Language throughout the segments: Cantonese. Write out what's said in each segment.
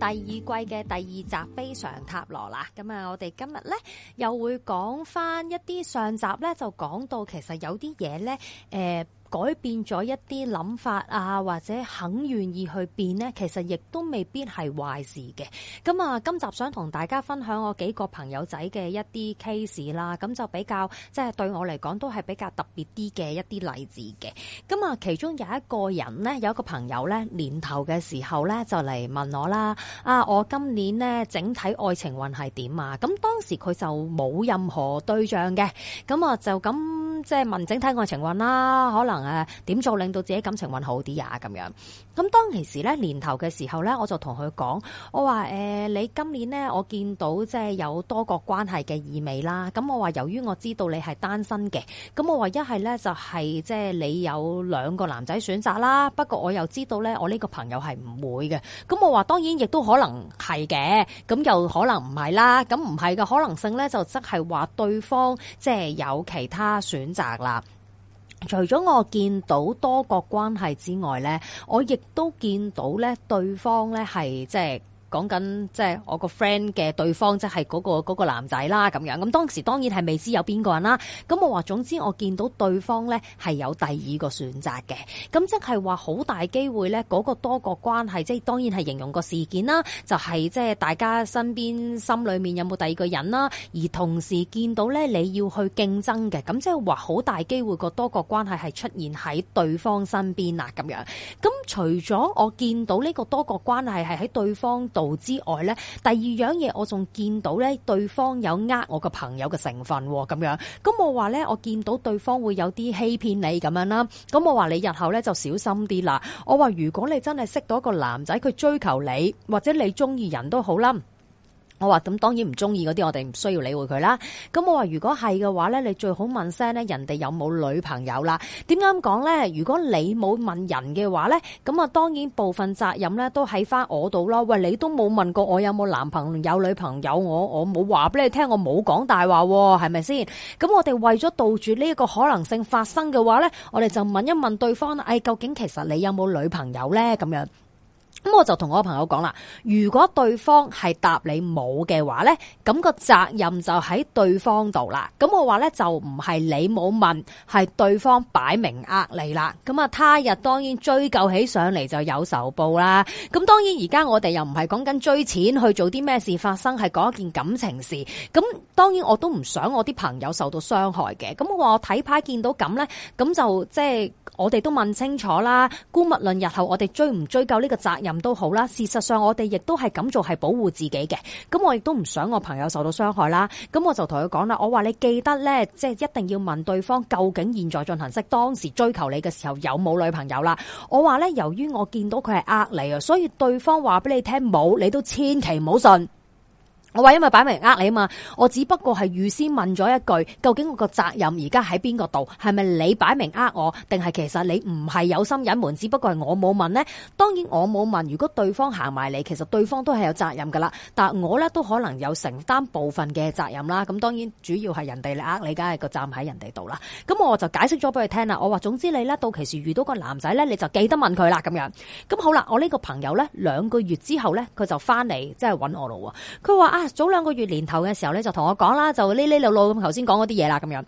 第二季嘅第二集《菲常塔羅》啦，咁啊，我哋今日呢又會講翻一啲上集呢，就講到其實有啲嘢呢。誒、呃。改變咗一啲諗法啊，或者肯願意去變咧，其實亦都未必係壞事嘅。咁啊，今集想同大家分享我幾個朋友仔嘅一啲 case 啦，咁就比較即係、就是、對我嚟講都係比較特別啲嘅一啲例子嘅。咁啊，其中有一個人咧，有一個朋友咧，年頭嘅時候咧就嚟問我啦，啊，我今年咧整體愛情運係點啊？咁當時佢就冇任何對象嘅，咁啊就咁即係問整體愛情運啦，可能。啊，點做令到自己感情運好啲呀？咁樣，咁當其時咧年頭嘅時候咧，我就同佢講，我話誒、呃，你今年咧，我見到即係有多個關係嘅意味啦。咁我話由於我知道你係單身嘅，咁我話一係咧就係即係你有兩個男仔選擇啦。不過我又知道咧，我呢個朋友係唔會嘅。咁我話當然亦都可能係嘅，咁又可能唔係啦。咁唔係嘅可能性咧，就即係話對方即係有其他選擇啦。除咗我見到多國關係之外咧，我亦都見到咧對方咧係即係。講緊即係我個 friend 嘅對方，即係嗰個嗰個男仔啦咁樣。咁當時當然係未知有邊個人啦。咁我話總之我見到對方呢係有第二個選擇嘅。咁即係話好大機會呢嗰個多角關係即係當然係形容個事件啦，就係即係大家身邊心裏面有冇第二個人啦。而同時見到呢，你要去競爭嘅，咁即係話好大機會個多角關係係出現喺對方身邊啦咁樣。咁除咗我見到呢個多角關係係喺對方之外咧，第二樣嘢我仲見到咧，對方有呃我個朋友嘅成分咁樣，咁我話咧，我見到對方會有啲欺騙你咁樣啦，咁我話你日後咧就小心啲啦，我話如果你真係識到一個男仔，佢追求你或者你中意人都好啦。我話咁當然唔中意嗰啲，我哋唔需要理會佢啦。咁我話如果係嘅話呢，你最好問聲呢「人哋有冇女朋友啦？點解咁講呢？如果你冇問人嘅話呢，咁啊，當然部分責任呢都喺翻我度囉。」喂，你都冇問過我有冇男朋友、女朋友，我我冇話俾你聽，我冇講大話，係咪先？咁我哋為咗杜絕呢一個可能性發生嘅話呢，我哋就問一問對方，哎，「究竟其實你有冇女朋友呢？」咁樣。咁我就同我朋友講啦，如果對方係答你冇嘅話咧，咁個責任就喺對方度啦。咁我話咧就唔係你冇問，係對方擺明呃你啦。咁啊，他日當然追究起上嚟就有仇報啦。咁當然而家我哋又唔係講緊追錢去做啲咩事發生，係講一件感情事。咁當然我都唔想我啲朋友受到傷害嘅。咁我話我睇派睇牌見到咁咧，咁就即係我哋都問清楚啦。姑勿論日後我哋追唔追究呢個責任。咁都好啦，事實上我哋亦都係咁做，係保護自己嘅。咁我亦都唔想我朋友受到傷害啦。咁我就同佢講啦，我話你記得呢，即係一定要問對方究竟現在進行式當時追求你嘅時候有冇女朋友啦。我話呢，由於我見到佢係呃你啊，所以對方話俾你聽冇，你都千祈唔好信。我話，因為擺明呃你啊嘛，我只不過係預先問咗一句，究竟個責任而家喺邊個度？係咪你擺明呃我，定係其實你唔係有心隱瞞，只不過係我冇問呢？當然我冇問。如果對方行埋嚟，其實對方都係有責任噶啦。但我呢，都可能有承擔部分嘅責任啦。咁當然主要係人哋呃你，梗係個站喺人哋度啦。咁我就解釋咗俾佢聽啦。我話，總之你呢，到其時遇到個男仔呢，你就記得問佢啦。咁樣。咁好啦，我呢個朋友呢，兩個月之後呢，佢就翻嚟即係揾我咯。佢話啊，早兩個月年頭嘅時候咧，就同我講啦，就呢呢路路咁頭先講啲嘢啦，咁樣。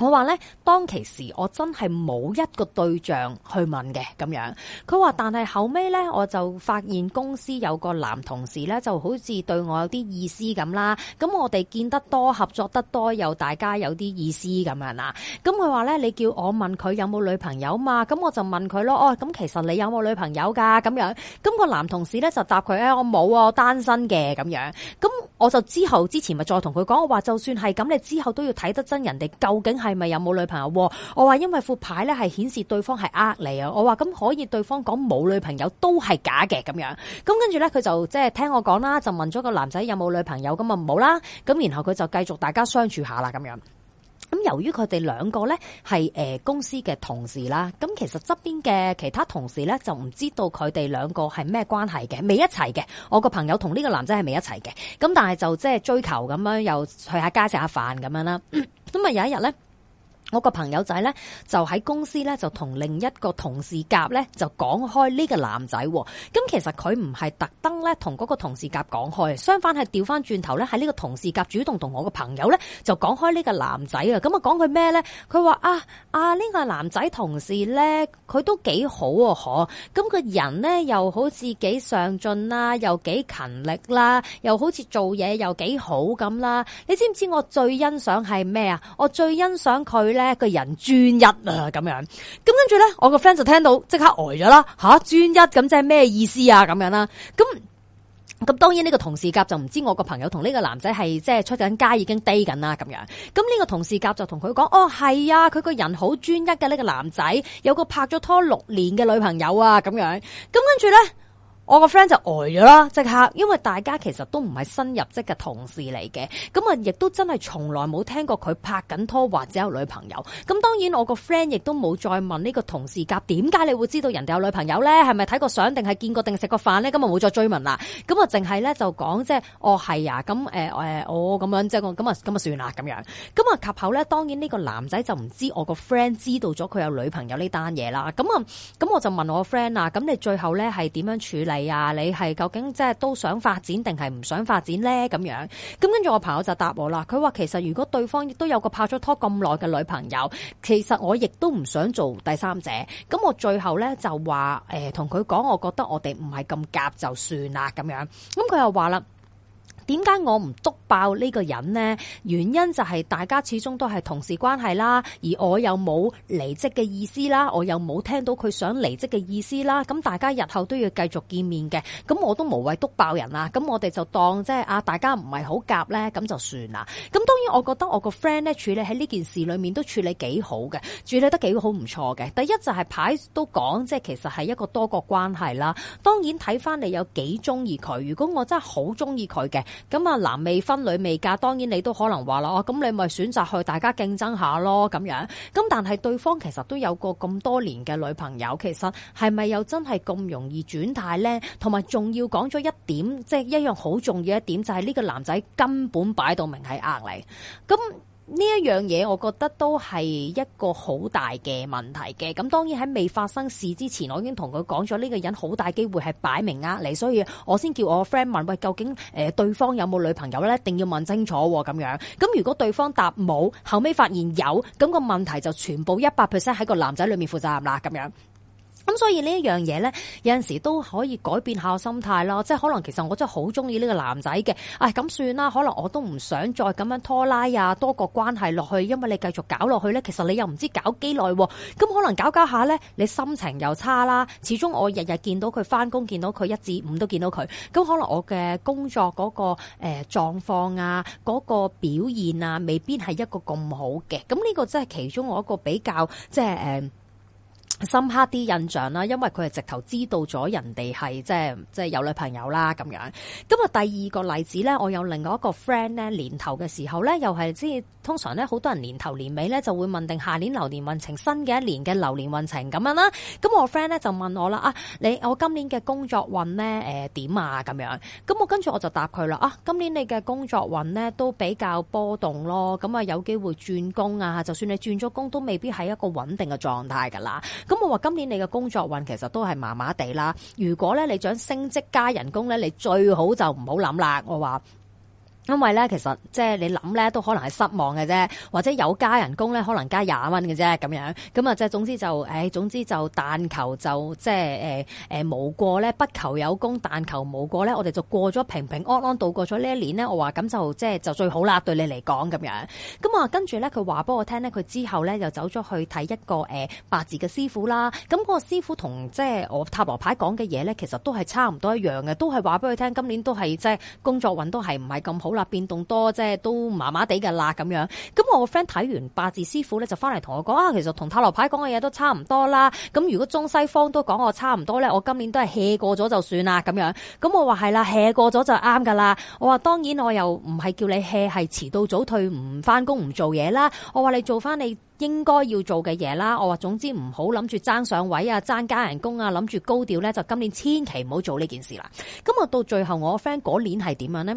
我話咧，當其時我真係冇一個對象去問嘅咁樣。佢話，但係後尾咧，我就發現公司有個男同事咧，就好似對我有啲意思咁啦。咁我哋見得多，合作得多，又大家有啲意思咁樣啦。咁佢話咧，你叫我問佢有冇女朋友嘛？咁我就問佢咯。哦，咁其實你有冇女朋友㗎？咁樣。咁個男同事咧就答佢，哎，我冇啊，我單身嘅咁樣。咁我就之後之前咪再同佢講，我話就算係咁，你之後都要睇得真，人哋究竟係。係咪有冇女朋友？哦，我話，因為副牌咧係顯示對方係呃你啊！我話咁可以，對方講冇女朋友都係假嘅咁樣。咁跟住咧，佢就即係聽我講啦，就問咗個男仔有冇女朋友咁啊唔好啦。咁然後佢就繼續大家相處下啦咁樣。咁由於佢哋兩個咧係誒公司嘅同事啦，咁其實側邊嘅其他同事咧就唔知道佢哋兩個係咩關係嘅，未一齊嘅。我個朋友同呢個男仔係未一齊嘅，咁但係就即係追求咁樣又去一下街食下飯咁樣啦。咁啊有一日咧。我個朋友仔咧就喺公司咧就同另一個同事甲咧就講開呢個男仔，啊，咁其實佢唔係特登咧同嗰個同事甲講開，相反係調翻轉頭咧喺呢個同事甲主動同我個朋友咧就講開呢個男仔啊，咁啊講佢咩咧？佢話啊啊呢、呢個男仔同事咧佢都幾好喎，啊。嗬咁個人咧又好似幾上進啦，又幾勤力啦，又好似做嘢又幾、啊、好咁啦，啊。你知唔知我最欣賞係咩啊？我最欣賞佢。咧，個人專一啊，咁樣，咁跟住咧，我個 friend 就聽到即刻呆咗啦。吓，專一咁即係咩意思啊？咁樣啦，咁咁當然呢個同事甲就唔知我個朋友同呢個男仔係即係出緊街已經低緊啦，咁樣。咁呢個同事甲就同佢講：哦，係啊，佢個人好專一嘅，呢個男仔，有個拍咗拖六年嘅女朋友啊，咁樣。咁跟住咧。我個 friend 就呆咗啦，即刻，因為大家其實都唔係新入職嘅同事嚟嘅，咁啊，亦都真係從來冇聽過佢拍緊拖或者有女朋友。咁當然我個 friend 亦都冇再問呢個同事甲，點解你會知道人哋有女朋友咧？係咪睇過相定係見過定食過飯咧？咁啊冇再追問啦。咁啊，淨係咧就講即係，哦係啊，咁誒誒我咁樣即係咁啊，咁啊算啦咁樣。咁啊，及後咧，當然呢個男仔就唔知我個 friend 知道咗佢有女朋友呢單嘢啦。咁啊，咁我就問我 friend 啊，咁你最後咧係點樣處理？係啊，你係究竟即係都想發展定係唔想發展呢？咁樣，咁跟住我朋友就答我啦，佢話其實如果對方亦都有個拍咗拖咁耐嘅女朋友，其實我亦都唔想做第三者。咁我最後呢就話誒，同佢講，我覺得我哋唔係咁夾，就算啦咁樣。咁佢又話啦。點解我唔篤爆呢個人呢？原因就係大家始終都係同事關係啦，而我又冇離職嘅意思啦，我又冇聽到佢想離職嘅意思啦。咁大家日後都要繼續見面嘅，咁我都無謂篤爆人啦。咁我哋就當即係啊，大家唔係好夾咧，咁就算啦。咁當然，我覺得我個 friend 咧，處理喺呢件事裏面都處理幾好嘅，處理得幾好唔錯嘅。第一就係牌都講，即係其實係一個多角關係啦。當然睇翻你有幾中意佢。如果我真係好中意佢嘅。咁啊，男未婚，女未嫁，當然你都可能話啦，咁，啊，你咪選擇去大家競爭下咯，咁樣。咁但係對方其實都有過咁多年嘅女朋友，其實係咪又真係咁容易轉態呢？同埋仲要講咗一點，即係一樣好重要一點，就係呢個男仔根本擺到明係呃你。咁呢一樣嘢，我覺得都係一個好大嘅問題嘅。咁當然喺未發生事之前，我已經同佢講咗呢個人好大機會係擺明呃你。所以我先叫我個 friend 問，喂，究竟誒對方有冇女朋友呢？一定要問清楚咁、哦、樣。咁如果對方答冇，後尾發現有，咁個問題就全部一百 percent 喺個男仔裏面負責任啦咁樣。咁所以呢一樣嘢呢，有陣時都可以改變下個心態啦。即係可能其實我真係好中意呢個男仔嘅，哎咁算啦。可能我都唔想再咁樣拖拉啊，多個關係落去。因為你繼續搞落去呢，其實你又唔知搞幾耐。咁可能搞搞下呢，你心情又差啦。始終我日日見到佢翻工，見到佢一至五都見到佢。咁可能我嘅工作嗰個誒狀況啊，嗰個表現啊，未必係一個咁好嘅。咁呢個真係其中我一個比較即係誒。呃深刻啲印象啦，因為佢係直頭知道咗人哋係即係即係有女朋友啦咁樣。咁啊，第二個例子咧，我有另外一個 friend 咧，年頭嘅時候咧，又係即係通常咧，好多人年頭年尾咧就會問定下年流年運程，新嘅一年嘅流年運程咁樣啦。咁我 friend 咧就問我啦：啊，你我今年嘅工作運咧誒點啊？咁樣。咁我跟住我就答佢啦：啊，今年你嘅工作運咧都比較波動咯。咁啊，有機會轉工啊，就算你轉咗工，都未必係一個穩定嘅狀態㗎啦。咁我話今年你嘅工作運其實都係麻麻地啦，如果咧你想升職加人工咧，你最好就唔好諗啦，我話。因為咧，其實即係你諗咧，都可能係失望嘅啫，或者有加人工咧，可能加廿蚊嘅啫咁樣。咁啊，即係總之就，哎、總之就但求就即係、呃呃、無過咧，不求有功，但求無過咧。我哋就過咗平平安安度過咗呢一年咧。我話咁就即係就最好啦，對你嚟講咁樣。咁啊，跟住咧，佢話俾我聽咧，佢之後咧又走咗去睇一個、呃、八字嘅師傅啦。咁、那、嗰個師傅同即係我塔羅牌講嘅嘢咧，其實都係差唔多一樣嘅，都係話俾佢聽，今年都係即係工作運都係唔係咁好。變動多，即係都麻麻地㗎啦咁樣。咁我個 friend 睇完八字師傅咧，就翻嚟同我講啊，其實同塔羅牌講嘅嘢都差唔多啦。咁如果中西方都講我差唔多咧，我今年都係 hea 過咗就算啦咁樣。咁我話係啦，hea 過咗就啱噶啦。我話當然我又唔係叫你 hea，係遲到早退唔翻工唔做嘢啦。我話你做翻你應該要做嘅嘢啦。我話總之唔好諗住爭上位啊，爭加人工啊，諗住高調咧就今年千祈唔好做呢件事啦。咁我到最後我 friend 嗰年係點樣呢？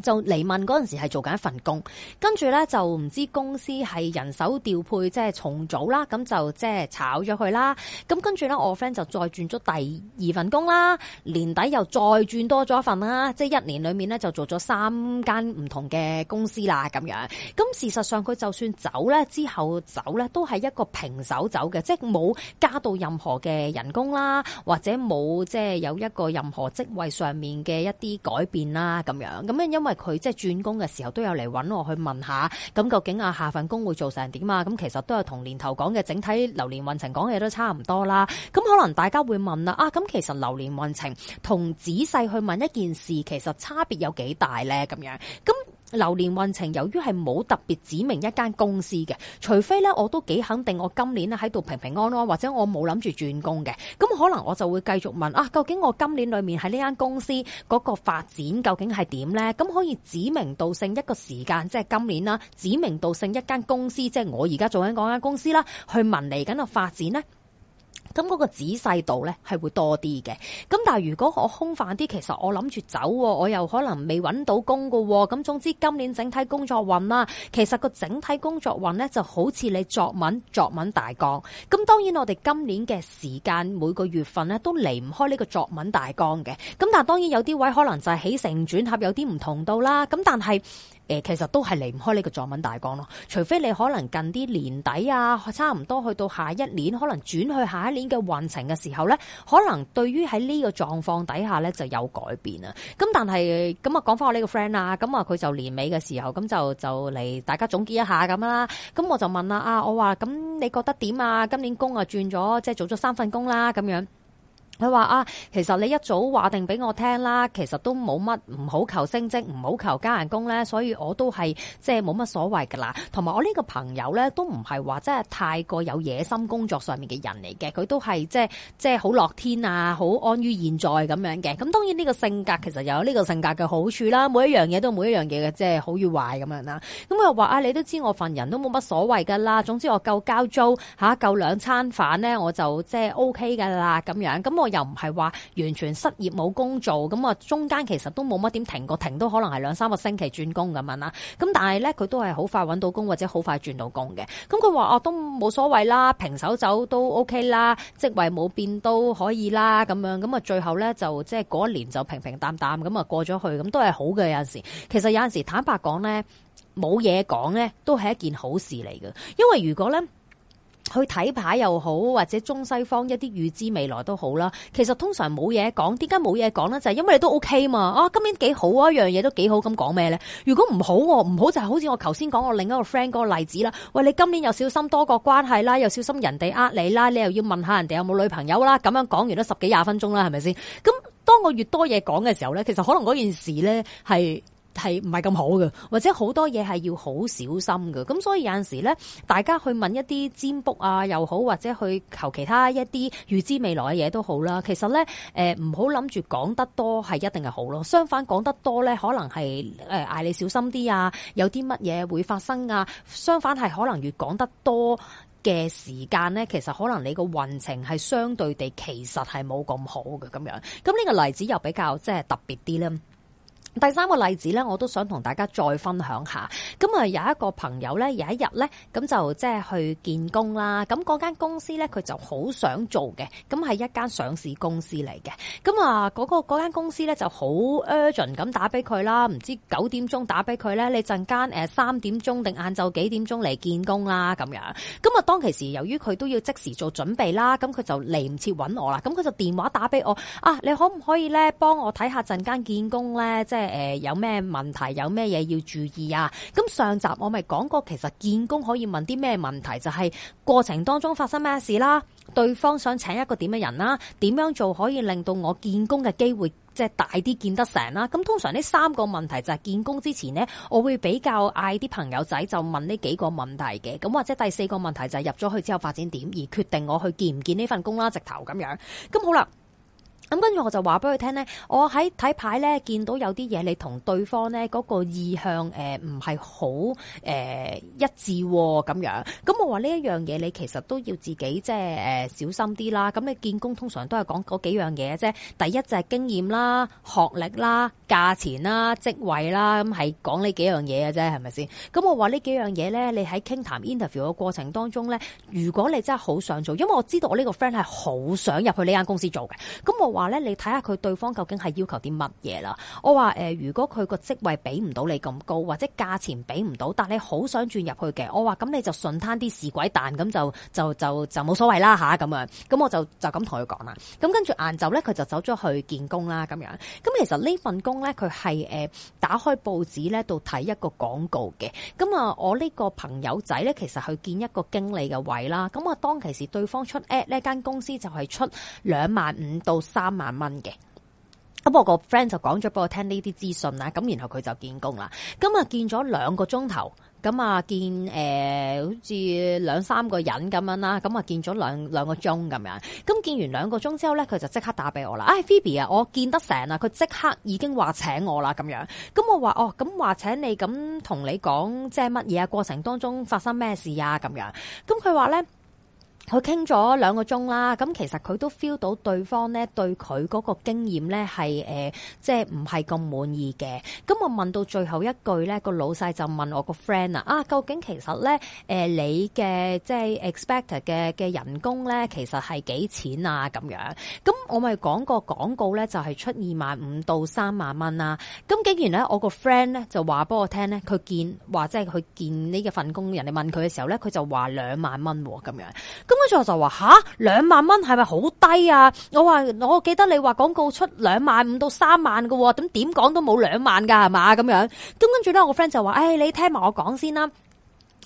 就嚟問嗰陣時係做緊一份工，跟住咧就唔知公司係人手調配，即係重組啦，咁就即係炒咗佢啦。咁跟住咧，我 friend 就再轉咗第二份工啦，年底又再轉多咗一份啦，即係一年裏面咧就做咗三間唔同嘅公司啦，咁樣。咁事實上佢就算走咧之後走咧，都係一個平手走嘅，即係冇加到任何嘅人工啦，或者冇即係有一個任何職位上面嘅一啲改變啦，咁樣。咁樣因因為佢即係轉工嘅時候都有嚟揾我去問下，咁究竟啊下份工會做成點啊？咁其實都係同年頭講嘅整體流年運程講嘅嘢都差唔多啦。咁可能大家會問啦，啊咁其實流年運程同仔細去問一件事，其實差別有幾大呢？咁樣咁。流年運程，由於係冇特別指明一間公司嘅，除非咧，我都幾肯定我今年喺度平平安安，或者我冇諗住轉工嘅，咁、嗯、可能我就會繼續問啊，究竟我今年裡面喺呢間公司嗰、嗰個發展究竟係點呢？嗯，咁可以指名道姓一個時間，即係今年啦，指名道姓一間公司，即係我而家做緊嗰間公司啦，去問嚟緊個發展呢。咁嗰個仔細度呢係會多啲嘅，咁但係如果我空泛啲，其實我諗住走，我又可能未搵到工噶，咁總之今年整體工作運啦，其實個整體工作運呢就好似你作文作文大綱，咁當然我哋今年嘅時間每個月份呢都離唔開呢個作文大綱嘅，咁但係當然有啲位可能就係起承轉合有啲唔同到啦，咁但係。誒，其實都係離唔開呢個作文大綱咯，除非你可能近啲年底啊，差唔多去到下一年，可能轉去下一年嘅運程嘅時候呢，可能對於喺呢個狀況底下呢就有改變啊。咁但係咁啊，講翻我呢個 friend 啊，咁啊佢就年尾嘅時候，咁就就嚟大家總結一下咁啦。咁我就問啦，啊，我話咁你覺得點啊？今年工啊轉咗，即係做咗三份工啦，咁樣。佢話啊，其實你一早話定俾我聽啦，其實都冇乜，唔好求升職，唔好求加人工咧，所以我都係即係冇乜所謂噶啦。同埋我呢個朋友咧，都唔係話真係太過有野心工作上面嘅人嚟嘅，佢都係即係即係好樂天啊，好安於現在咁樣嘅。咁當然呢個性格其實有呢個性格嘅好處啦，每一樣嘢都有每一樣嘢嘅即係好與壞咁樣啦。咁佢又話啊、哎，你都知我份人都冇乜所謂噶啦，總之我夠交租、啊、夠兩餐飯咧，我就即係 OK 噶啦咁樣。咁我。又唔係話完全失業冇工做，咁啊中間其實都冇乜點停過，停，都可能係兩三個星期轉工咁樣啦。咁但係呢，佢都係好快揾到工或者好快轉到工嘅。咁佢話哦，都冇所謂啦，平手走都 OK 啦，職位冇變都可以啦咁樣。咁啊最後呢，就即係嗰一年就平平淡淡咁啊過咗去，咁都係好嘅。有陣時，其實有陣時坦白講呢，冇嘢講呢，都係一件好事嚟嘅，因為如果呢。去睇牌又好，或者中西方一啲預知未來都好啦。其實通常冇嘢講，點解冇嘢講呢？就係因為你都 OK 嘛。啊，今年幾好啊，一樣嘢都幾好，咁講咩呢？如果唔好，啊，唔好就係好似我頭先講我另一個 friend 嗰個例子啦。喂，你今年又小心多個關係啦，又小心人哋呃你啦，你又要問下人哋有冇女朋友啦，咁樣講完都十幾廿分鐘啦，係咪先？咁當我越多嘢講嘅時候呢，其實可能嗰件事呢係。係唔係咁好嘅？或者好多嘢係要好小心嘅。咁所以有陣時咧，大家去問一啲占卜啊，又好或者去求其他一啲預知未來嘅嘢都好啦。其實咧，誒唔好諗住講得多係一定係好咯。相反，講得多咧，可能係誒嗌你小心啲啊，有啲乜嘢會發生啊。相反係可能越講得多嘅時間咧，其實可能你個運程係相對地其實係冇咁好嘅咁樣。咁呢個例子又比較即係特別啲咧。第三個例子咧，我都想同大家再分享下。咁啊，有一個朋友咧，有一日咧，咁就即係去見工啦。咁嗰間公司咧，佢就好想做嘅，咁係一間上市公司嚟嘅。咁啊，嗰個嗰間公司咧，就好 urgent 咁打俾佢啦。唔知九點鐘打俾佢咧，你陣間誒三點鐘定晏晝幾點鐘嚟見工啦？咁樣。咁啊，當其時由於佢都要即時做準備啦，咁佢就嚟唔切揾我啦。咁佢就電話打俾我啊，你可唔可以咧幫我睇下陣間見工咧？即係。.誒、呃，有咩問題？有咩嘢要注意啊？咁上集我咪講過，其實見工可以問啲咩問題？就係、是、過程當中發生咩事啦，對方想請一個點嘅人啦，點樣做可以令到我見工嘅機會即係、就是、大啲，見得成啦。咁通常呢三個問題就係見工之前呢，我會比較嗌啲朋友仔就問呢幾個問題嘅。咁或者第四個問題就係入咗去之後發展點，而決定我去見唔見呢份工啦，直頭咁樣。咁好啦。咁跟住我就話俾佢聽咧，我喺睇牌咧見到有啲嘢你同對方咧嗰個意向誒唔係好誒一致喎咁樣。咁我話呢一樣嘢你其實都要自己即係誒小心啲啦。咁你見工通常都係講嗰幾樣嘢啫。第一就係經驗啦、學歷啦、價錢啦、職位啦，咁係講呢幾樣嘢嘅啫，係咪先？咁我話呢幾樣嘢咧，你喺傾談 interview 嘅過程當中咧，如果你真係好想做，因為我知道我呢個 friend 係好想入去呢間公司做嘅，咁我話。話咧，你睇下佢對方究竟係要求啲乜嘢啦？我話誒、呃，如果佢個職位俾唔到你咁高，或者價錢俾唔到，但係你好想轉入去嘅，我話咁你就順攤啲事鬼蛋，咁就就就就冇所謂啦吓咁、啊、樣。咁我就就咁同佢講啦。咁跟住晏晝咧，佢就走咗去了見工啦，咁樣。咁其實呢份工咧，佢係誒打開報紙咧度睇一個廣告嘅。咁啊，我呢個朋友仔咧，其實去見一個經理嘅位啦。咁啊，當其時對方出誒呢間公司就係出兩萬五到三。萬蚊嘅，咁我個 friend 就講咗俾我聽呢啲資訊啦，咁然後佢就見工啦，咁啊見咗兩個鐘頭，咁啊見誒、呃，好似兩三個人咁樣啦，咁啊見咗兩兩個鐘咁樣，咁見，見完兩個鐘之後咧，佢就即刻打俾我啦，哎，Phoebe 啊，我見得成啊，佢即刻已經話請我啦，咁樣，咁我話哦，咁話請你咁同你講，即係乜嘢啊？過程當中發生咩事啊？咁樣，咁佢話咧。佢傾咗兩個鐘啦，咁其實佢都 feel 到對方咧，對佢嗰個經驗咧係、呃、即係唔係咁滿意嘅。咁我問到最後一句咧，個老細就問我個 friend 啊，啊究竟其實咧、呃、你嘅即係 expected 嘅嘅人工咧，其實係幾錢啊？咁樣，咁我咪講個廣告咧就係出二萬五到三萬蚊啦。咁竟然咧，我個 friend 咧就話俾我聽咧，佢見或者係佢見呢個份工，人哋問佢嘅時候咧，佢就話兩萬蚊喎，咁樣。咁跟住我就話吓兩萬蚊係咪好低啊？我話我記得你話廣告出兩萬五到三萬嘅，點點講都冇兩萬噶係嘛咁樣。咁跟住咧我個 friend 就話誒、哎，你聽埋我講先啦。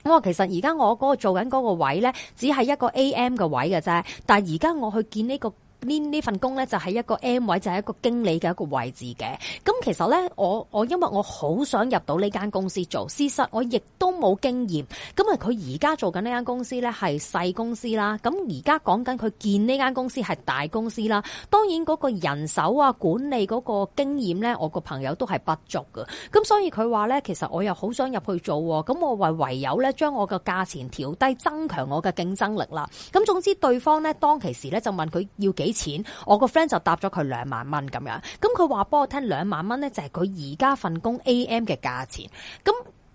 我話其實而家我嗰、嗰個做緊嗰個位咧，只係一個 AM 嘅位嘅啫。但係而家我去見呢、呢個。呢呢份工咧就係一個 M 位，就係一個經理嘅一個位置嘅。咁其實咧，我我因為我好想入到呢間公司做，事實我亦都冇經驗。咁啊，佢而家做緊呢間公司咧係細公司啦。咁而家講緊佢見呢間公司係大公司啦。當然嗰個人手啊，管理嗰個經驗咧，我個朋友都係不足嘅。咁所以佢話咧，其實我又好想入去做哦。咁我話唯有咧，將我嘅價錢調低，增強我嘅競爭力啦。咁總之，對方咧當其時咧就問佢要幾？錢，我個 friend 就答咗佢兩萬蚊咁樣，咁佢話俾我聽兩萬蚊呢，就係佢而家份工 AM 嘅價錢，咁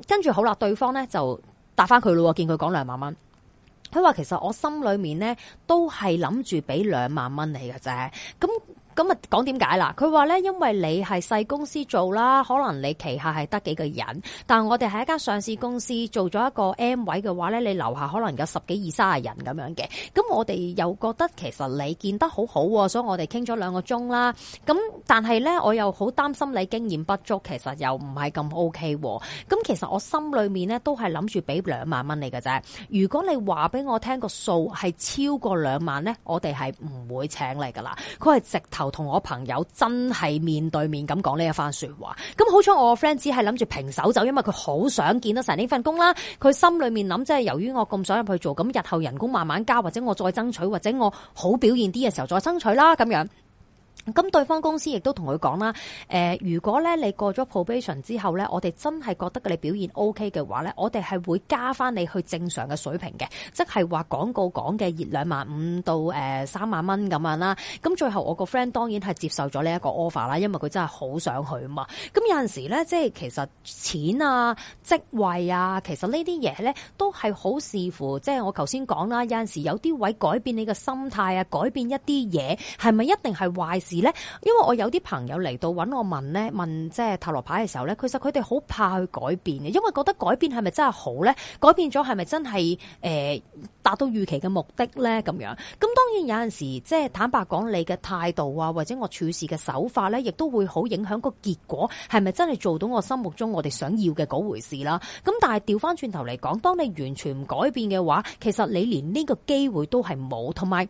跟住好啦，對方呢就答翻佢咯，見佢講兩萬蚊，佢話其實我心裏面呢都係諗住俾兩萬蚊你嘅啫，咁。咁啊，講點解啦？佢話咧，因為你係細公司做啦，可能你旗下係得幾個人，但我哋係一間上市公司做咗一個 M 位嘅話咧，你樓下可能有十幾二三十人咁樣嘅。咁我哋又覺得其實你見得好好、啊、喎，所以我哋傾咗兩個鐘啦。咁但係咧，我又好擔心你經驗不足，其實又唔係咁 OK 喎、啊。咁其實我心裏面咧都係諗住俾兩萬蚊你嘅啫。如果你話俾我聽個數係超過兩萬咧，我哋係唔會請你噶啦。佢係直同我朋友真係面對面咁講呢一番說話，咁好彩我 friend 只係諗住平手走，因為佢好想見到成呢份工啦。佢心裏面諗，即係由於我咁想入去做，咁日後人工慢慢加，或者我再爭取，或者我好表現啲嘅時候再爭取啦，咁樣。咁對方公司亦都同佢講啦，誒、呃，如果咧你過咗 probation 之後咧，我哋真係覺得你表現 OK 嘅話咧，我哋係會加翻你去正常嘅水平嘅，即係話廣告講嘅二兩萬五到誒三萬蚊咁樣啦。咁最後我個 friend 當然係接受咗呢一個 offer 啦，因為佢真係好想去嘛。咁有陣時咧，即係其實錢啊、職位啊，其實呢啲嘢咧都係好視乎，即係我頭先講啦，有陣時有啲位改變你嘅心態啊，改變一啲嘢係咪一定係壞事？咧，因為我有啲朋友嚟到揾我問咧，問即係塔羅牌嘅時候咧，其實佢哋好怕去改變嘅，因為覺得改變係咪真係好咧？改變咗係咪真係呃達到預期嘅目的咧？咁樣咁當然有陣時，即係坦白講，你嘅態度啊，或者我處事嘅手法咧，亦都會好影響個結果係咪真係做到我心目中我哋想要嘅嗰回事啦？咁但係調返轉頭嚟講，當你完全唔改變嘅話，其實你連呢個機會都係冇，同埋。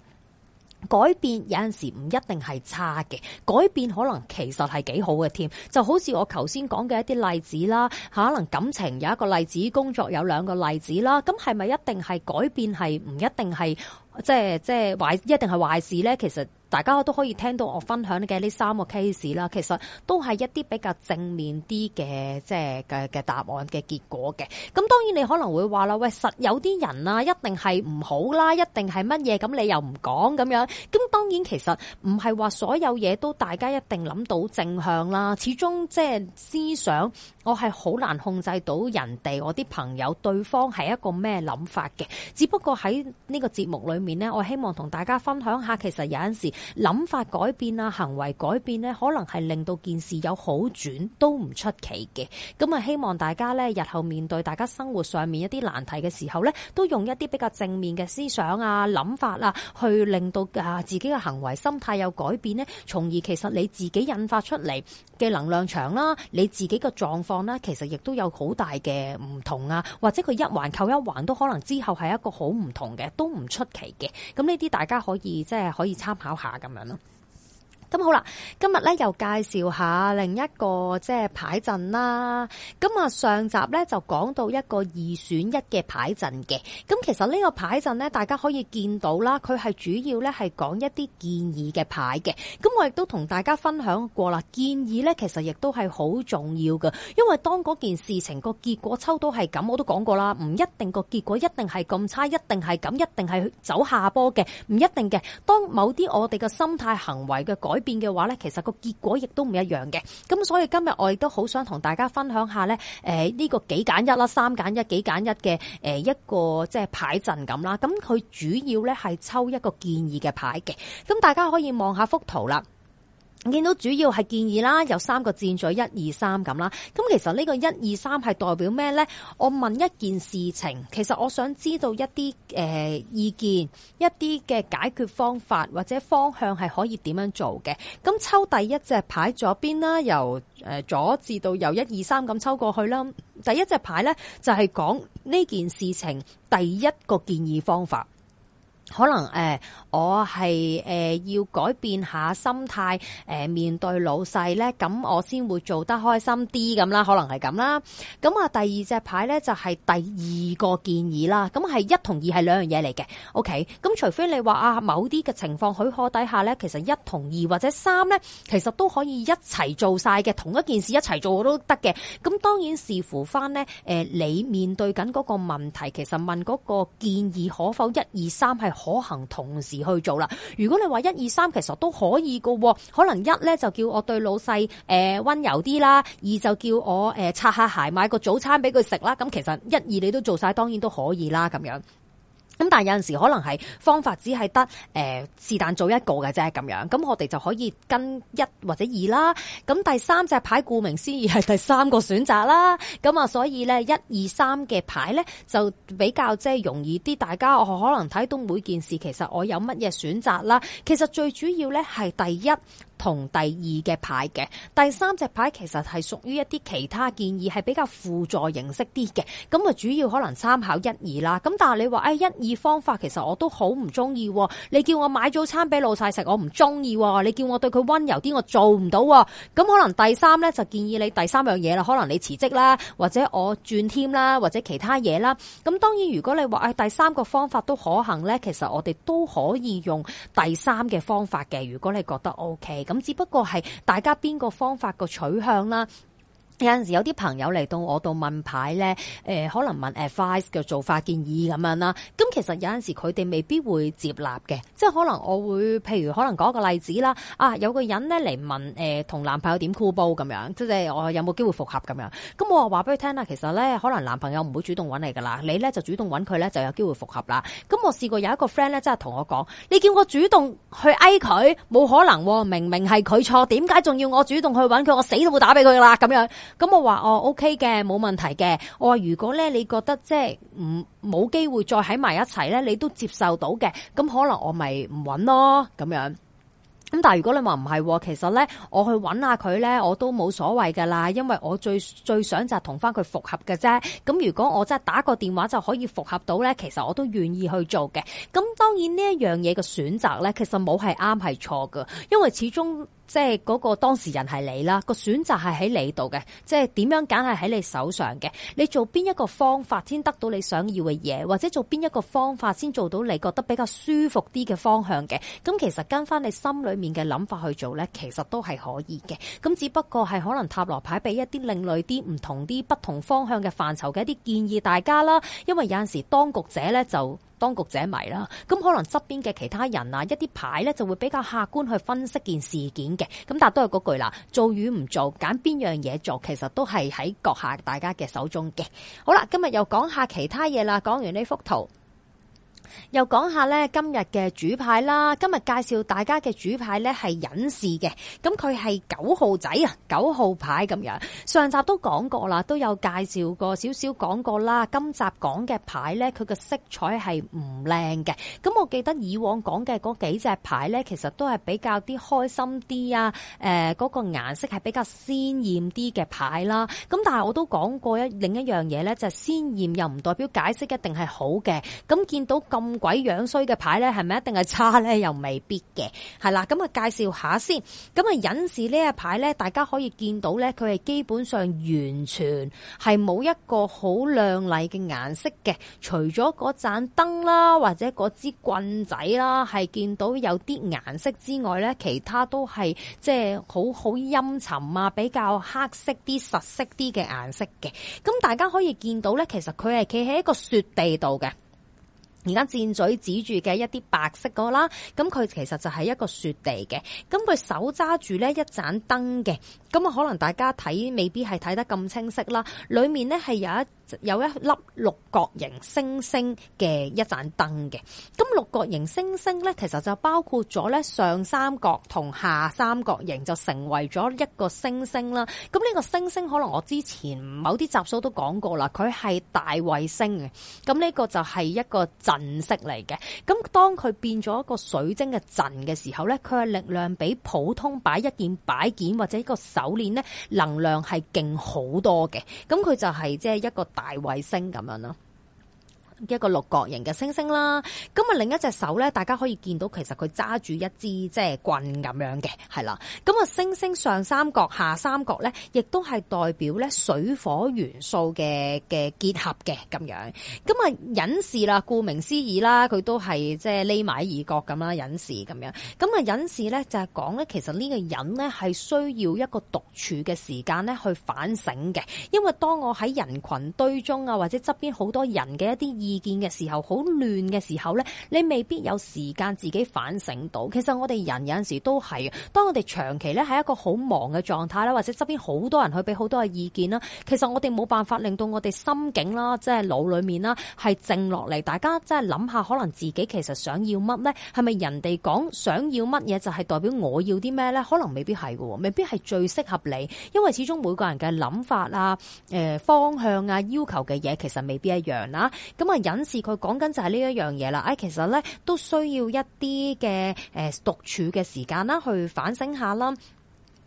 改變有陣時唔一定係差嘅，改變可能其實係幾好嘅添。就好似我頭先講嘅一啲例子啦，可能感情有一個例子，工作有兩個例子啦。咁係咪一定係改變係唔一定係即係即係壞，一定係壞事呢？其實。大家都可以聽到我分享嘅呢三個 case 啦，其實都係一啲比較正面啲嘅，即係嘅嘅答案嘅結果嘅。咁當然你可能會話啦，喂，實有啲人啊，一定係唔好啦，一定係乜嘢，咁你又唔講咁樣。咁當然其實唔係話所有嘢都大家一定諗到正向啦，始終即係思想，我係好難控制到人哋我啲朋友對方係一個咩諗法嘅。只不過喺呢個節目裡面呢，我希望同大家分享下，其實有時。諗法改變啊，行為改變呢，可能係令到件事有好轉都唔出奇嘅。咁啊，希望大家呢，日後面對大家生活上面一啲難題嘅時候呢，都用一啲比較正面嘅思想啊、諗法啊，去令到啊自己嘅行為、心態有改變呢，從而其實你自己引發出嚟。嘅能量場啦，你自己嘅狀況啦，其實亦都有好大嘅唔同啊，或者佢一環扣一環，都可能之後係一個好唔同嘅，都唔出奇嘅。咁呢啲大家可以即係、就是、可以參考下咁樣咯。咁好啦，今日咧，又介紹下另一個即係牌陣啦。咁啊上集咧，就講到一個二選一嘅牌陣嘅。咁其實呢個牌陣咧，大家可以見到啦，佢係主要咧係講一啲建議嘅牌嘅。咁我亦都同大家分享過啦，建議咧其實亦都係好重要嘅，因為當嗰件事情個結果抽到係咁，我都講過啦，唔一定個結果一定係咁差，一定係咁，一定係走下坡嘅，唔一定嘅。當某啲我哋嘅心態、行為嘅改。變嘅話咧，其實個結果亦都唔一樣嘅。咁所以今日我亦都好想同大家分享下咧，誒呢個幾揀一啦，三揀一，幾揀一嘅誒一個即係牌陣咁啦。咁佢主要咧係抽一個建議嘅牌嘅。咁大家可以望下幅圖啦。見到主要係建議啦，有三個戰咗一二三咁啦。咁其實呢個一二三係代表咩呢？我問一件事情，其實我想知道一啲、呃、意見，一啲嘅解決方法或者方向係可以點樣做嘅。咁抽第一隻牌左邊啦，由左至到由一二三咁抽過去啦。第一隻牌呢，就係、係、講呢件事情第一個建議方法。可能誒、呃、我係誒、呃、要改變下心態誒、呃、面對老細咧，咁我先會做得開心啲咁啦，可能係咁啦。咁啊第二隻牌咧就係、是、第二個建議啦。咁係一同二係兩樣嘢嚟嘅。O K，咁除非你話啊某啲嘅情況許可底下咧，其實一同二或者三咧，其實都可以一齊做晒嘅，同一件事一齊做都得嘅。咁當然視乎翻咧誒你面對緊嗰個問題，其實問嗰個建議可否一、二、三係。可行同時去做啦。如果你話一二三其實都可以喎，可能一呢就叫我對老細、呃、溫柔啲啦，二就叫我誒擦、呃、下鞋買個早餐俾佢食啦。咁其實一二你都做晒，當然都可以啦咁樣。咁但係有陣時可能係方法只係得誒是但做一個嘅啫咁樣，咁我哋就可以跟一或者二啦，咁第三隻牌顧名思義係第三個選擇啦，咁啊所以咧一二三嘅牌咧就比較即係容易啲，大家我可能睇到每件事其實我有乜嘢選擇啦，其實最主要咧係第一。同第二嘅牌嘅，第三隻牌其實係屬於一啲其他建議，係比較輔助形式啲嘅。咁啊，主要可能參考一二啦。咁但係你話誒、哎、一二方法，其實我都好唔中意。你叫我買早餐俾老細食，我唔中意。你叫我對佢温柔啲，我做唔到、啊。咁可能第三呢，就建議你第三樣嘢啦，可能你辭職啦，或者我轉添啦，或者其他嘢啦。咁當然，如果你話誒、哎、第三個方法都可行呢，其實我哋都可以用第三嘅方法嘅。如果你覺得 OK。咁，只不過係大家邊個方法個取向啦。有陣時有啲朋友嚟到我度問牌咧，誒、呃，可能問 advice 嘅做法建議咁樣啦。咁其實有陣時佢哋未必會接納嘅，即係可能我會，譬如可能講一個例子啦。啊，有個人咧嚟問，誒、呃，同男朋友點箍煲咁樣，即係我有冇機會復合咁樣。咁我話俾佢聽啦，其實咧，可能男朋友唔會主動揾你噶啦，你咧就主動揾佢咧就有機會復合啦。咁我試過有一個 friend 咧，真係同我講，你叫我主動去挨佢，冇可能，明明係佢錯，點解仲要我主動去揾佢？我死都冇打俾佢噶啦，咁樣。咁我話哦，O K 嘅，冇問題嘅。我話如果咧，你覺得即係唔冇機會再喺埋一齊咧，你都接受到嘅，咁可能我咪唔揾咯咁樣。咁但係如果你話唔係，其實咧，我去揾下佢咧，我都冇所謂噶啦，因為我最最想就係同翻佢復合嘅啫。咁如果我真係打個電話就可以復合到咧，其實我都願意去做嘅。咁當然呢一樣嘢嘅選擇咧，其實冇係啱係錯噶，因為始終。即係嗰個當事人係你啦，個選擇係喺你度嘅，即係點樣揀係喺你手上嘅。你做邊一個方法先得到你想要嘅嘢，或者做邊一個方法先做到你覺得比較舒服啲嘅方向嘅？咁其實跟翻你心裏面嘅諗法去做呢，其實都係可以嘅。咁只不過係可能塔羅牌俾一啲另類啲、唔同啲、不同方向嘅範疇嘅一啲建議大家啦。因為有陣時當局者呢，就。當局者迷啦，咁可能側邊嘅其他人啊，一啲牌呢就會比較客觀去分析件事件嘅，咁但係都係嗰句啦，做與唔做，揀邊樣嘢做，其實都係喺閣下大家嘅手中嘅。好啦，今日又講下其他嘢啦，講完呢幅圖。又講下咧今日嘅主牌啦，今日介紹大家嘅主牌咧係隱士嘅，咁佢係九號仔啊，九號牌咁樣。上集都講過啦，都有介紹過少少講過啦。今集講嘅牌咧，佢嘅色彩係唔靚嘅。咁我記得以往講嘅嗰幾隻牌咧，其實都係比較啲開心啲啊，誒嗰個顏色係比較鮮艷啲嘅牌啦。咁但係我都講過一另一樣嘢咧，就鮮艷又唔代表解釋一定係好嘅。咁見到咁。咁鬼樣衰嘅牌咧，係咪一定係差咧？又未必嘅，係啦。咁啊，我介紹下先。咁啊，隱士呢一排咧，大家可以見到咧，佢係基本上完全係冇一個好靚麗嘅顏色嘅，除咗嗰盞燈啦，或者嗰支棍仔啦，係見到有啲顏色之外咧，其他都係即係好好陰沉啊，比較黑色啲、實色啲嘅顏色嘅。咁大家可以見到咧，其實佢係企喺一個雪地度嘅。而家箭嘴指住嘅一啲白色嗰啦，咁佢其實就係一個雪地嘅，咁佢手揸住呢一盞燈嘅，咁啊可能大家睇未必係睇得咁清晰啦。裏面咧係有一有一粒六角形星星嘅一盞燈嘅，咁六角形星星咧其實就包括咗咧上三角同下三角形就成為咗一個星星啦。咁呢個星星可能我之前某啲集數都講過啦，佢係大衛星嘅，咁呢個就係一個陣式嚟嘅，咁當佢變咗一個水晶嘅陣嘅時候呢，佢嘅力量比普通擺一件擺件或者一個手鏈呢，能量係勁好多嘅，咁佢就係即係一個大衛星咁樣咯。一個六角形嘅星星啦，咁啊另一隻手咧，大家可以見到其實佢揸住一支即係棍咁樣嘅，係啦。咁啊，星星上三角下三角咧，亦都係代表咧水火元素嘅嘅結合嘅咁樣。咁啊，隱士啦，顧名思義啦，佢都係即係匿埋喺一角咁啦，隱士咁樣。咁啊，隱士咧就係講咧，其實呢個人咧係需要一個獨處嘅時間咧去反省嘅，因為當我喺人群堆中啊，或者側邊好多人嘅一啲意。意見嘅時候，好亂嘅時候咧，你未必有時間自己反省到。其實我哋人有陣時都係，當我哋長期咧係一個好忙嘅狀態啦，或者側邊好多人去俾好多嘅意見啦，其實我哋冇辦法令到我哋心境啦，即係腦裏面啦係靜落嚟。大家即係諗下，可能自己其實想要乜咧，係咪人哋講想要乜嘢就係代表我要啲咩咧？可能未必係嘅，未必係最適合你，因為始終每個人嘅諗法啊、誒、呃、方向啊、要求嘅嘢其實未必一樣啦。咁啊～隱士佢講緊就係呢一樣嘢啦。哎，其實咧都需要一啲嘅誒獨處嘅時間啦，去反省下啦。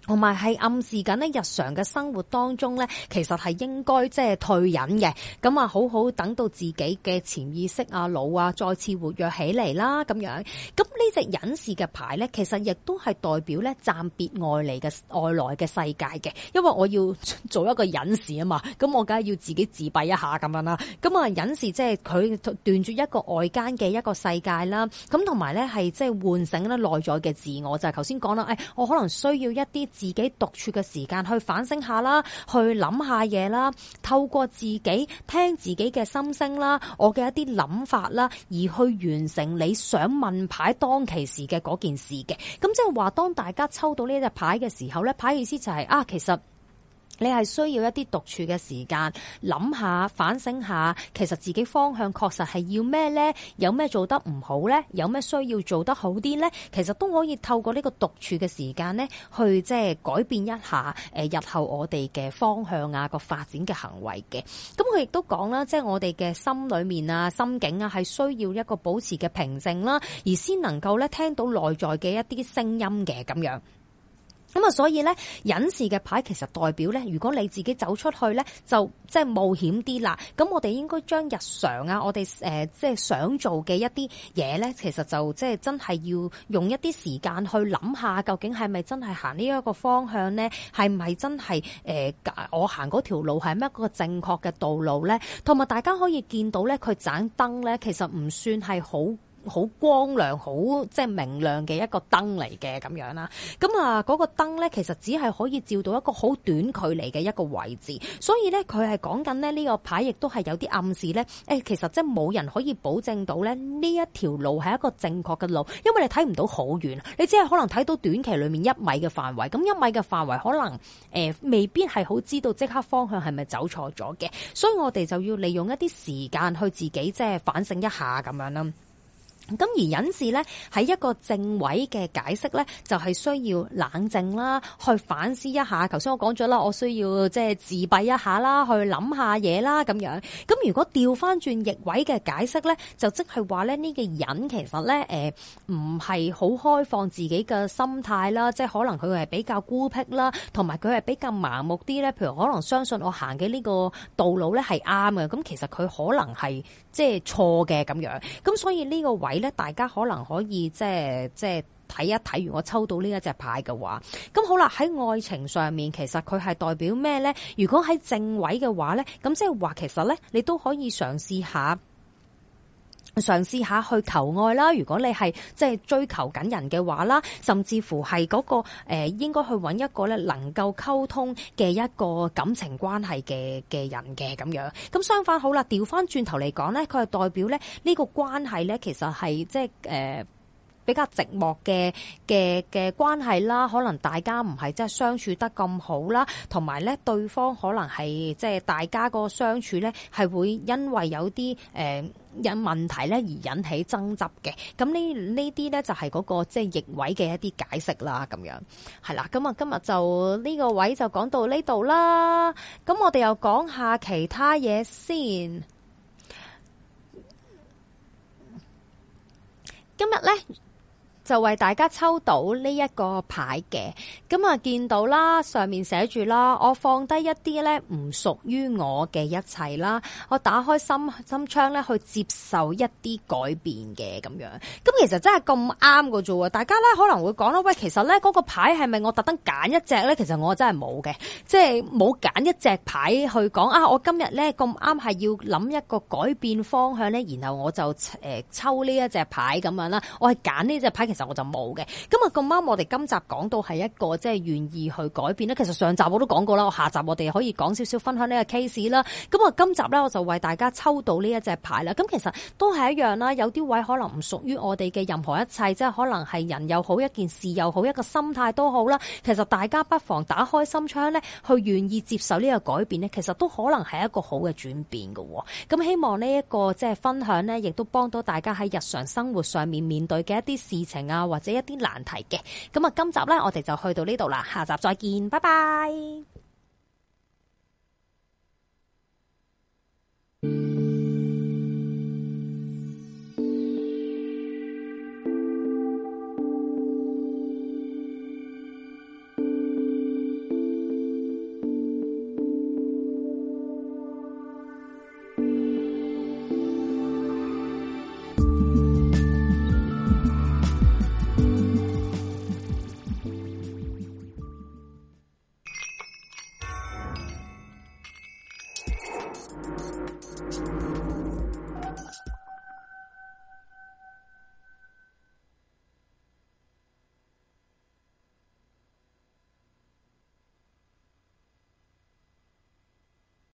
同埋係暗示緊呢，日常嘅生活當中呢，其實係應該即係退隱嘅，咁啊好好等到自己嘅潛意識啊腦啊再次活躍起嚟啦，咁樣。咁呢隻隱士嘅牌呢，其實亦都係代表呢暫別外嚟嘅外來嘅世界嘅，因為我要做一個隱士啊嘛，咁我梗係要自己自閉一下咁樣啦。咁啊隱士即係佢斷絕一個外間嘅一個世界啦，咁同埋呢係即係喚醒呢內在嘅自我，就係頭先講啦，誒、哎、我可能需要一啲。自己獨處嘅時間去反省下啦，去諗下嘢啦，透過自己聽自己嘅心聲啦，我嘅一啲諗法啦，而去完成你想問牌當其時嘅嗰件事嘅。咁即係話，當大家抽到呢隻牌嘅時候呢，牌意思就係、是、啊，其實。你係需要一啲獨處嘅時間，諗下、反省下，其實自己方向確實係要咩呢？有咩做得唔好呢？有咩需要做得好啲呢？其實都可以透過呢個獨處嘅時間呢，去即係改變一下日後我哋嘅方向啊，個發展嘅行為嘅。咁佢亦都講啦，即係我哋嘅心裏面啊、心境啊，係需要一個保持嘅平靜啦，而先能夠咧聽到內在嘅一啲聲音嘅咁樣。咁啊，所以咧，隱士嘅牌其實代表咧，如果你自己走出去咧，就即係冒險啲啦。咁我哋應該將日常啊，我哋誒即係想做嘅一啲嘢咧，其實就即係真係要用一啲時間去諗下，究竟係咪真係行呢一個方向咧？係唔係真係誒？我行嗰條路係咩一個正確嘅道路咧？同埋大家可以見到咧，佢盞燈咧，其實唔算係好好光亮，好即係明亮嘅一個燈嚟嘅咁樣啦，咁啊嗰個燈咧，其實只係可以照到一個好短距離嘅一個位置，所以咧，佢係講緊咧呢個牌，亦都係有啲暗示咧。誒，其實即係冇人可以保證到咧呢一條路係一個正確嘅路，因為你睇唔到好遠，你只係可能睇到短期裏面一米嘅範圍，咁一米嘅範圍可能誒、呃、未必係好知道即刻方向係咪走錯咗嘅，所以我哋就要利用一啲時間去自己即係反省一下咁樣啦。咁而隱士咧喺一個正位嘅解釋咧，就係、是、需要冷靜啦，去反思一下。頭先我講咗啦，我需要即係自閉一下，一下啦，去諗下嘢啦咁樣。咁如果調翻轉逆位嘅解釋咧，就即係話咧呢、個人其實咧誒唔係好開放自己嘅心態啦，即係可能佢係比較孤僻啦，同埋佢係比較盲目啲咧。譬如可能相信我行嘅呢個道路咧係啱嘅，咁其實佢可能係即係錯嘅咁樣。咁所以呢個位。大家可能可以即係即係睇一睇，如果抽到呢一隻牌嘅話，咁好啦。喺愛情上面，其實佢係代表咩咧？如果喺正位嘅話咧，咁即係話，其實咧你都可以嘗試下。嘗試下去求愛啦！如果你係即係追求緊人嘅話啦，甚至乎係嗰個誒，應該去搵一個咧，能夠溝通嘅一個感情關係嘅嘅人嘅咁樣。咁相反好啦，調翻轉頭嚟講咧，佢係代表咧呢個關係咧，其實係即係誒比較寂寞嘅嘅嘅關係啦，可能大家唔係即係相處得咁好啦，同埋咧對方可能係即係大家個相處咧，係會因為有啲誒引問題咧而引起爭執嘅。咁呢呢啲咧就係嗰個即係逆位嘅一啲解釋啦，咁樣係啦。咁啊，今日就呢個位就講到呢度啦。咁我哋又講下其他嘢先。今日咧。就為大家抽到呢一個牌嘅，咁啊見到啦，上面寫住啦，我放低一啲咧唔屬於我嘅一切啦，我打開心心窗咧去接受一啲改變嘅咁樣，咁其實真係咁啱嘅啫，大家咧可能會講啦，喂，其實咧嗰個牌係咪我特登揀一隻咧？其實我真係冇嘅，即係冇揀一隻牌去講啊！我今日咧咁啱係要諗一個改變方向咧，然後我就誒、呃、抽呢一隻牌咁樣啦，我係揀呢隻牌。其實我就冇嘅，咁啊咁啱，我哋今集講到係一個即係願意去改變。其實上集我都講過啦，我下集我哋可以講少少分享呢個 case 啦。咁啊今集呢，我就為大家抽到呢一隻牌啦。咁其實都係一樣啦，有啲位可能唔屬於我哋嘅任何一切，即係可能係人又好，一件事又好，一個心態都好啦。其實大家不妨打開心窗呢，去願意接受呢個改變呢，其實都可能係一個好嘅轉變嘅。咁希望呢一個即係分享呢，亦都幫到大家喺日常生活上面面對嘅一啲事情。啊，或者一啲難題嘅，咁啊，今集咧我哋就去到呢度啦，下集再見，拜拜。